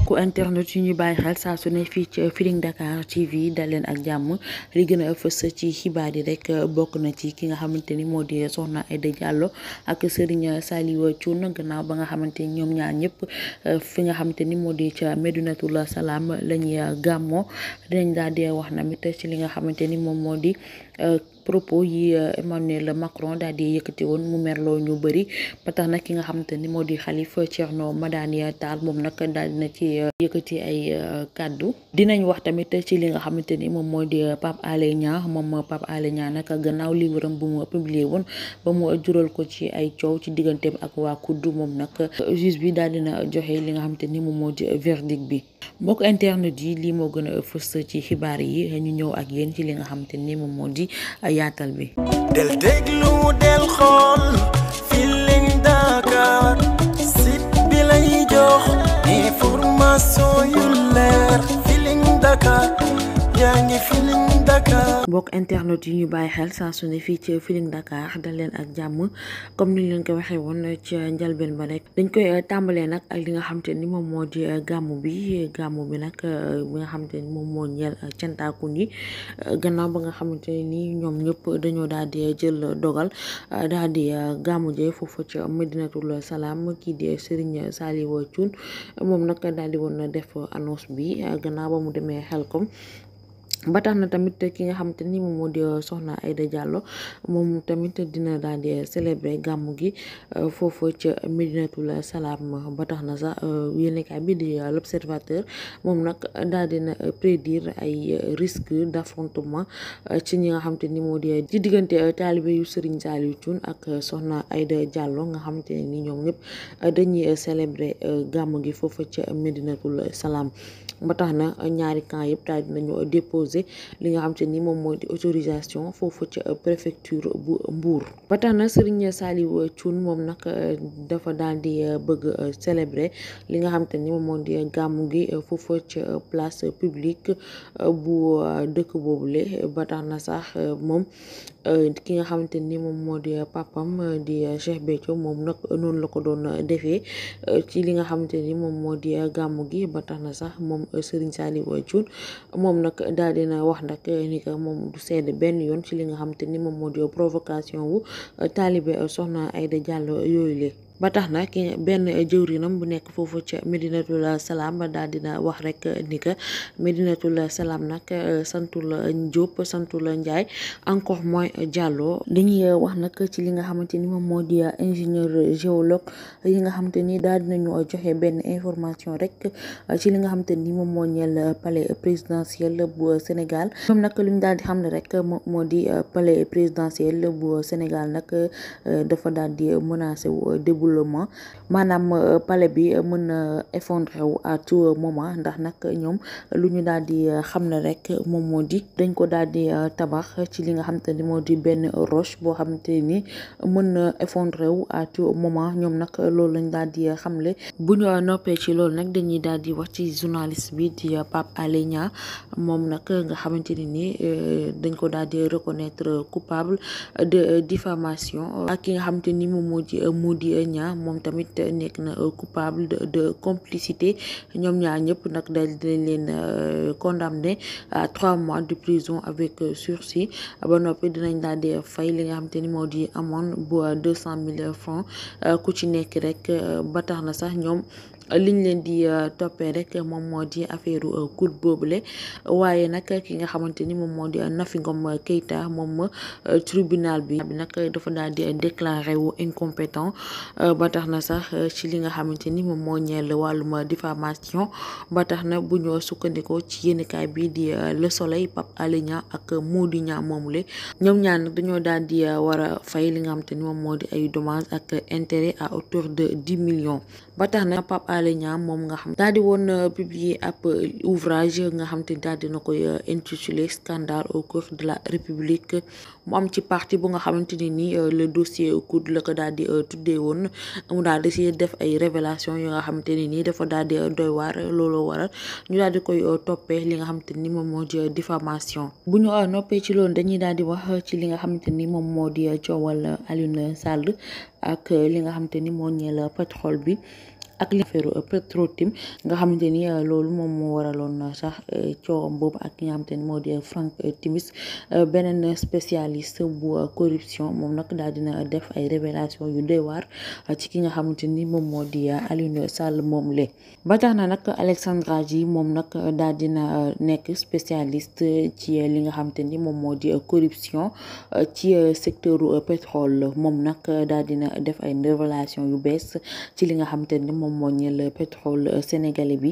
mbokku internet yu ñuy bàyyi xel saa su ne fii ci Feeling Dakar TV dal leen ak jàmm li gën a fës ci xibaar yi rek euh, bokk na ci ki nga xamante ni moo di soxna Aida Diallo ak Serigne Saliou Thioune gannaaw ba nga xamante ni ñoom ñaar ñëpp euh, fi nga xamante ni moo di ca Medinatul Salaam lañuy gàmmoo dinañ daal di wax namit ci li nga xamante ni moom moo di. Euh, propos yi euh, Emmanuel Macron daal di yëkkati woon mu merloo ñu bëri ba tax nag ki nga xamante ni moo di xalifa Thierno Madani Tall moom nag daal dina ci euh, yëkkati ay euh, kàddu dinañ wax tamit ci li nga xamante ni moom moo di Pape Alé Niang moom Pape Alé Niang nag gannaaw livre am bu mu publié woon ba mu jural ko ci ay coow ci digganteem ak waa kuddu moom nag juge bi daal dina joxe li nga xamante ni moom moo di verdict bi bokk internet yi lii moo gën a fës ci xibaar yi ñu ñëw ak yéen ci li nga xamante ni moom moo di yaatal bi. del déglu del xool Feeling Dakar site bi lay jox information yu leer Feeling Dakar yaa ngi Feeling. mbokk internet yi ñu bàyyi xel saa su ne fii ci Feeling Dakar dal leen ak jàmm comme ni ñu leen ko waxee woon ci njalbeen ba rek dañ koy euh, tàmbalee nag ak li nga xam te ni moom moo di euh, gàmmu bi gàmmu bi nag euh, bi nga xam te ni moom moo ñeel cantaakun yi gannaaw ba nga xamante ni ñoom ñëpp dañoo daal di jël dogal daal di gàmmu jee foofu ci Medinatul Salaam kii di Serigne Saliou Thioune moom nag daal di woon def annonce bi gannaaw ba mu demee xel kom ba tax na tamit ki nga xamante ni moom moo di euh, soxna Aida Diallo moom tamit dina daal di euh, célébrer gi euh, foofu ca Medinatul Salaam ba tax na sax yéenekaay bi di l'observateur moom nag daal dina prédire ay risques d'affrontement ci ñi nga xamante ni moo di ci diggante taalibe yu Serigne Saliou Thioune ak soxna Aida Diallo nga xamante ne ñoom ñëpp dañuy célébrer gàmmu gi foofu ca Medinatul Salaam. ba tax na ñaari camp yëpp daal nañu déposé li nga xam te ni moom mooy di autorisation foofu ca préfecture bu Mbour. ba tax na Serigne Saliou Thioune moom nag euh, dafa daal di euh, bëgg euh, célébrer li nga xam te ni moom moo di gàmmu gi foofu ca place publique bu dëkk boobule ba tax na sax moom. Euh, ki nga xamante ni moom moo di euh, papam euh, di Cheikh Béthio moom nag noonu la ko doon defee ci li nga xamante ni moom moo di gàmmu gi ba tax na sax moom Serigne Saliou Thioune moom nag daal na wax nag ni que moom du sedd benn yoon ci li nga xamante ni moom moo di provocation wu taalibe soxna Aïda Diallo yooyu léegi ba tax na benn jëwrinam bu nekk foofu ca Medinatul Salaam daal dina wax rek ni que Medinatul Salaam nag euh, santul Diop santul Ndiaye encore moins Diallo dañuy wax nag ci li nga xamante ni moom moo di ingénieur géologue yi nga xamante ni daal dinañu joxe benn information rek ci li nga xamante ni moom moo ñeel palais présidentiel bu Sénégal ñoom nag lu ñu daal di xam ne rek moo di palais présidentiel bu Sénégal nag euh, dafa daal di menacé wu débul éboulement maanaam euh, pale bi euh, mën na euh, effondré wu à tout moment ndax nag ñoom lu ñu daal di xam ne rek moom moo di dañ ko daal di tabax ci li nga xamante ni moo di benn roche boo xamante ni mën na effondré wu à tout ñoom nag loolu lañ daal di xamle bu ñu noppee ci loolu nag dañuy daal di wax ci journaliste bi di Alé Niang moom nag nga xamante ni nii dañ ko daal coupable moo di moo Niang moom tamit nekk na euh, coupable de complicité ñoom ñaar ñëpp nag daal dinañ leen euh, condamné à trois mois de prison avec euh, sursis ba noppi dinañ daal di fay li nga xamante ni moo di amoon bu deux cent mille francs ku ci nekk rek ba tax na sax ñoom liñ leen di euh, toppee rek moom moo di affaire euh, boobu le waaye nag ki nga xamante ni moom moo di Nafi Ngom Keita moom euh, tribunal bi nag dafa daal di déclaré wu incompétent ba tax na sax ci li nga xamante ni moom moo ñeel wàllum diffamation ba tax na bu ñu sukkandikoo ci yéenekaay bi di Le Soleil Pape Alé Niang ak Mody Niang le ñoom ñaan nag dañoo daal di war a fay li nga xamante ni moom moo di ay dommages ak intéret à hauteur de dix millions ba tax na Pape Alé moom nga xam daal di woon euh, publier ab euh, ouvrage nga xam te daal dina koy euh, intitulé scandale au cœur de la république mu am ci parti bu nga xamante ne ni le dossier coude la ko daal di tuddee woon mu daal di si def ay révélation yu nga xamante ne ni dafa daal di doy waar looloo waral ñu daal di koy toppee li nga xam xamante ni moom moo di diffamation bu ñu noppee ci loolu dañuy daal di wax ci li nga xamante ni moom moo di coowal Aliou Sall ak li nga xamante ni moo ñeel pétrole bi ak li feeru Petrotim nga xamante ni euh, loolu moom moo waraloon euh, sax euh, coowam boobu ak ki nga xamante ni moo di Frank Timis beneen spécialiste bu corruption moom nag daal dina def ay révélation yu doy waar ci ki nga xamante ni moom moo di Alioune Sall moom le ba tax na nag Alexandra Dji moom nag daal dina nekk spécialiste ci li nga xamante ni moom moo di corruption ci secteur pétrole moom nag daal dina def ay révélation yu bees ci li nga xamante ni moom moom moo ñeel pétrole euh, sénégalais bi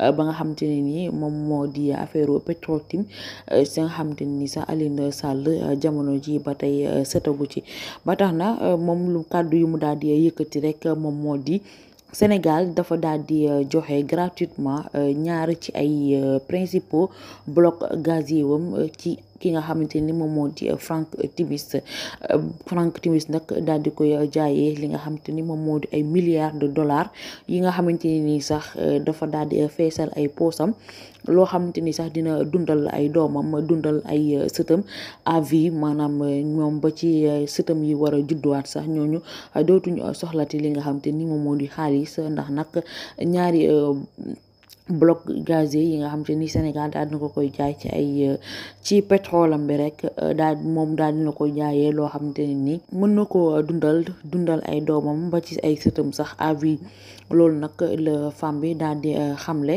euh, ba nga xamante ne ni moom moo di affaire pétrole tim euh, si nga xamante ne ni sax Alioune Sall jamono ji ba tey setagu ci ba tax na moom lu kàddu yu mu daal di yëkkati rek moom moo Sénégal dafa daal di euh, joxe gratuitement euh, ñaar ci ay euh, principaux blocs gaziers wam ci ki nga xamante ni moom moo di Franck Timis Franck Timis nag daal di koy jaayee li nga xamante ni moom moo di ay milliards de dollars yi nga xamante ni sax dafa daal di feesal ay poosam loo xamante ni sax dina dundal ay doomam dundal ay euh, sëtam à maanaam euh, ñoom ba ci euh, sëtam yi war a judduwaat sax ñooñu dootuñu soxlati li nga xamante ni moom moo di xaalis ndax nag ñaari bloc gazier yi nga xam te ni Sénégal daal dina ko koy jaay ci ay euh, ci pétrole bi rek euh, daal moom daal dina ko jaayee loo xam te ne ni mën na ko dundal dundal ay doomam ba ci ay sëtam sax à loolu nag la femme bi daal di euh, xamle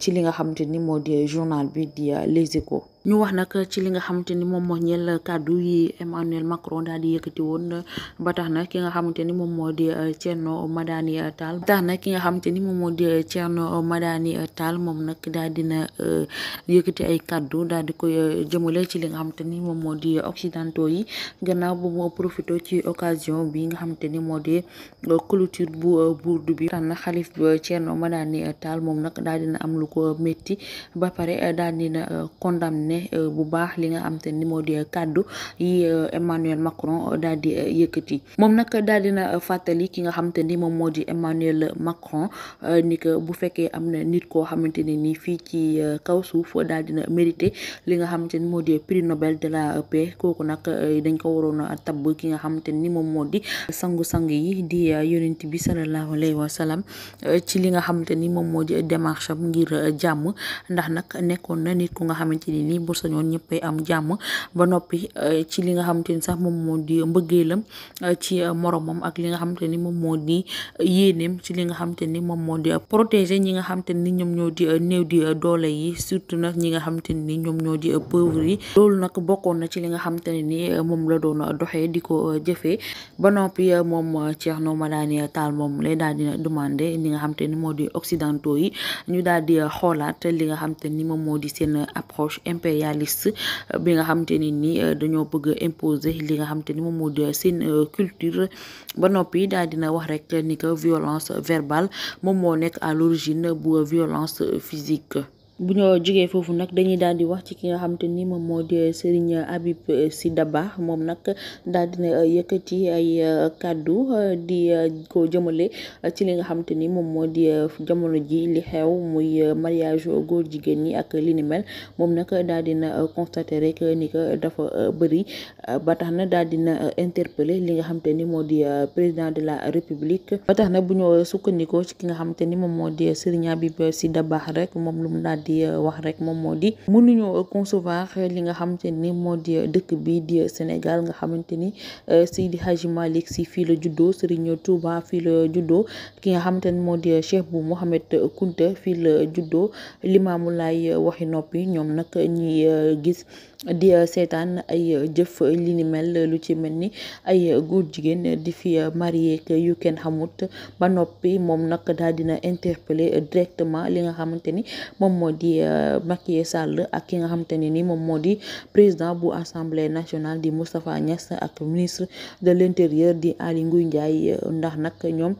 ci li nga xam te ni moo di journal bi di Les Échos ñu wax nag ci li nga xamante ni moom moo ñeel kàddu yi Emmanuel Macron daal di yëkkati woon ba tax na ki nga xamante ni moom moo di euh, Thierno Madani euh, Tall tax na ki nga xamante ni moom moo di euh, Thierno Madani Tall moom nag daal dina yëkkati ay kàddu daal di koy jëmale ci li nga xamante ni moom moo di occidentaux yi gannaaw profité ci occasion bi nga xamante ni moo di clôture bu bourde bi tax na xalif Thierno Madani Tall moom nag daal dina am lu ko métti ba pare daal dina condamné waxtaanee euh, bu baax li nga xam te ni moo di kàddu yi euh, Emmanuel Macron euh, daal di yëkkati moom nag daal dina fàttali ki nga xam ni moom moo di Emmanuel Macron ni bu fekkee am na nit koo xamante ne nii fii ci kaw suuf daal dina mérité li nga xamante ni moo di prix Nobel de la paix kooku nag dañ ko waroon a tabb ki nga xamante ni moom moo di sangu-sang yi di yonent bi sallallahu alayhi wa salaam ci li nga xamante ni moom moo di démarche ngir jàmm ndax nag nekkoon na nit ku nga xamante ni nii tey bu sañoon ñëppay am jàmm ba noppi eh, ci li nga xamante ni sax moom moo di mbëggeelam eh, ci eh, moromam ak li ni moom moo di yéeneem ci li nga xamante ni moom moo di protéger ñi nga xamante ni ñoom ñoo di néew doole yi surtout nag ñi nga xamante ni ñoom ñoo di pauvre yi loolu nag bokkoon na ci li nga xamante ne ni moom la doon doxee di ko jëfee ba noppi moom Thierno Madani Tall moom lay daal dina demandé li nga xamante ni moo di occidentaux yi ñu daal di xoolaat li nga xamante ni moom moo di seen approche impérialiste euh, bi nga xamante ni nii euh, dañoo bëgg a imposer li nga xamante ni moom moo di euh, seen culture ba noppi daal dina wax rek ni que violence verbale moom moo nekk à l'origine bu violence physique bu ñoo jógee foofu nag dañuy daal di wax ci ki nga xam te ni moom moo di Serigne Habib Sy Dabakh moom nag daal dina uh, yëkkati ay uh, kàddu uh, di ko jëmale ci li nga xam ni moom moo di jamono ji li xew muy mariage góor jigéen ñi ak li moom nag daal dina constaté rek ni que dafa bëri ba tax na daal dina interpellé li nga xam ni moo di président de la république ba tax na bu ñoo sukkandikoo ci ki nga xam ni moom moo di Serigne Habib Sy Dabakh rek moom lu mu daal di di euh, wax rek moom moo di mënuñu concevoir li nga xamante ni moo di euh, dëkk bi di euh, Sénégal nga xamante ni di Hadji Malick Sy fii la juddoo Serigne Touba fii la juddoo ki nga xamante ni moo di Cheikh bu Mohamed fii la juddoo Limaamu Laay waxi noppi ñoom nag ñi gis di seetaan ay jëf li mel lu ci mel ni ay góor jigéen di fi yu moom daal dina interpeller directement li nga xamante ni moom di euh, Macky Sall ak ki nga xamante ne ni moom moo di président bu assemblée nationale di Moustapha Niass ak ministre de l'intérieur di Aly Ngouille Ndiaye euh, ndax nag ñoom.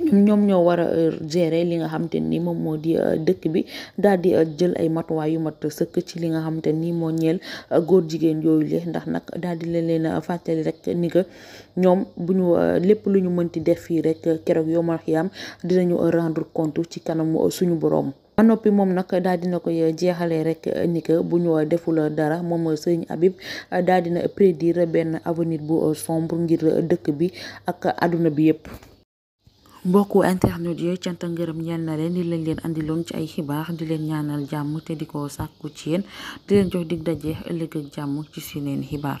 ñoom ñoo war a euh, gérer li nga xamante ni moom moo di dëkk bi daal di jël ay matuwaay yu mat sëkk ci li nga xamante ni moo ñeel góor jigéen yooyu le ndax nag daal di leen leen a fàttali rek ni que ñoom bu ñu lépp lu ñu mënti def fii rek keroog yomal xiyaam dinañu rendre compte ci kanamu suñu boroom. ba noppi moom nag daal dina koy jeexalee rek ni que bu ñu deful dara moom sëriñ Habib daal dina prédire benn avenir bu sombre ngir dëkk bi ak àdduna bi yépp mbokku internet yooyu cant ngërëm ñeel ni leen lañ leen indiloon ci ay xibaar di leen ñaanal jàmm te di ko sàkku ci yéen di leen jox dig daje ëllëg ak jàmm ci seeneen xibaar.